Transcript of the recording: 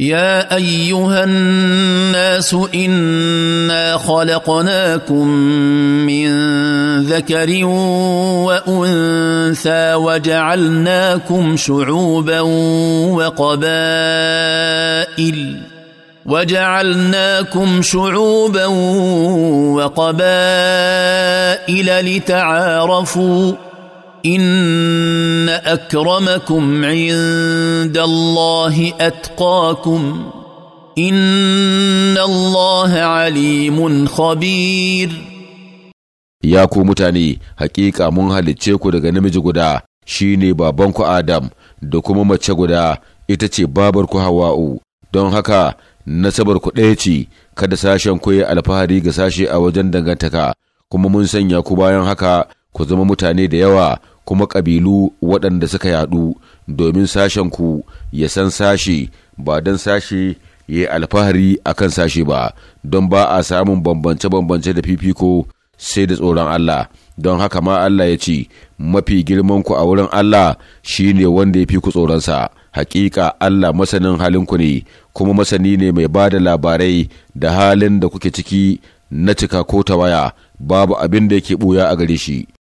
يا ايها الناس انا خلقناكم من ذكر وانثى وجعلناكم شعوبا وقبائل وجعلناكم شعوبا وقبائل لتعارفوا ان اكرمكم عند الله اتقاكم ان الله عليم خبير ya ku mutane hakika mun halicce ku daga namiji guda shine babanku adam da kuma mace guda ita ce babarku hawa'u don haka nasabar ɗaya ce kada sashen ku yi alfahari ga sashe a wajen dangantaka kuma mun sanya ku bayan haka ku zama mutane da yawa kuma ƙabilu waɗanda suka yaɗu domin sashenku ya san sashe ba don sashe ya yi alfahari a kan sashe ba don ba a samun bambance-bambance da fifiko sai da tsoron Allah don haka ma Allah ya ce mafi girmanku a wurin Allah shi ne wanda ya fi ku tsoronsa hakika Allah masanin halinku ne kuma masani ne mai ba da labarai da halin da kuke ciki na cika ko tawaya babu abin da yake ɓuya a gare shi